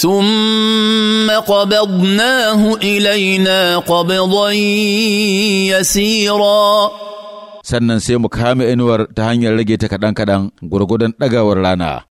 ثم قبضناه إلينا قبضا يسيرا sannan sai mu kame inuwar ta hanyar rage ta kaɗan-kaɗan gwargwadon ɗagawar rana.